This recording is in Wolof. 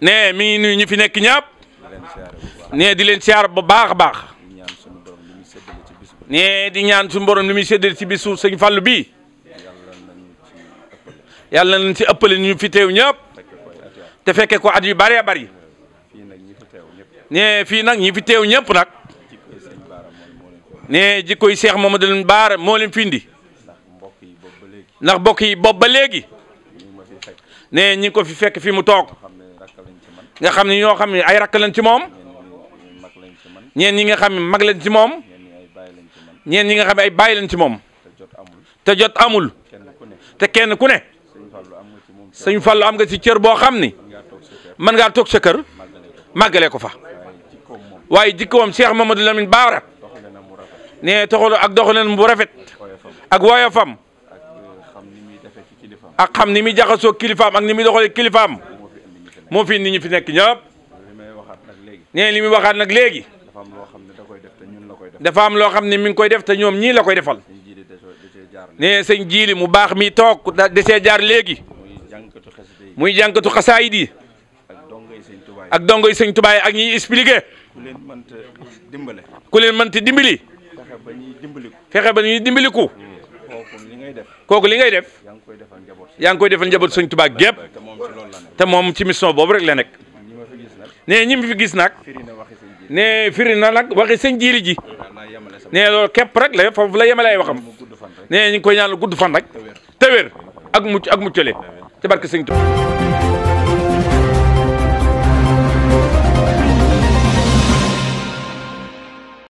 nee mi ngi nuyu ñi fi nekk ñëpp. nee di leen siyaar bu baax a baax. nee di ñaan suñu borom li muy séddale ci bisu sëñ Fallou bii. yàlla nañ ci ëppale ñu fi teew ñëpp. te fekkee ko at yu bëree bëri. nee fii nag ñi fi teew ñëpp nag. nee jikkoy seex Mamadou Lamine baar moo leen fi indi. ndax mbokk yi boobu ba léegi. ne ñi ko fi fekk fi mu toog nga xam ne ñoo xam ne ay rakk lañ ci moom ñeen ñi nga xam ne mag lañ ci moom ñeen ñi nga xam ne ay bàyyi lañ ci moom te jot amul te kenn ku ne sëñ Fallu am nga ci cër boo xam ni mën ngaa toog sa kër màggalee ko fa waaye jikkoom Cheikh Mamadou Lamine Baara ne taxul ak doxalin bu rafet ak woyofam ak xam ni muy jaxasoo kilifaam ak ni muy doxalee kilifaam moo fi indi ñi fi nekk ñëpp nee li muy waxaat nag léegi dafa am loo xam ne mi ngi koy def te ñoom ñii la koy defal nee sëñ jiili mu baax mi toog desee jaar léegi muy jànkatu xasaayid yi ak dongo yi sëñ tubaay ak ñiy expliqué ku man mënti dimbali ku leen mënti dimbali fexe ba ñuy dimbaliku li ngay def kooku li ngay def yaa ngi koy defal njaboot yaa ngi koy defal njaboot Sëñ Tuubaa gépp te moom ci mission boobu rek la nekk nee ñi fi gis nag nee firi na nag waxi sëñ jiili ji nee loolu képp rek la foofu la yemalay waxam nee ñu ngi koy la gudd fan rek te wér ak mucc ak muccale ci barke Sëñ Tuubaa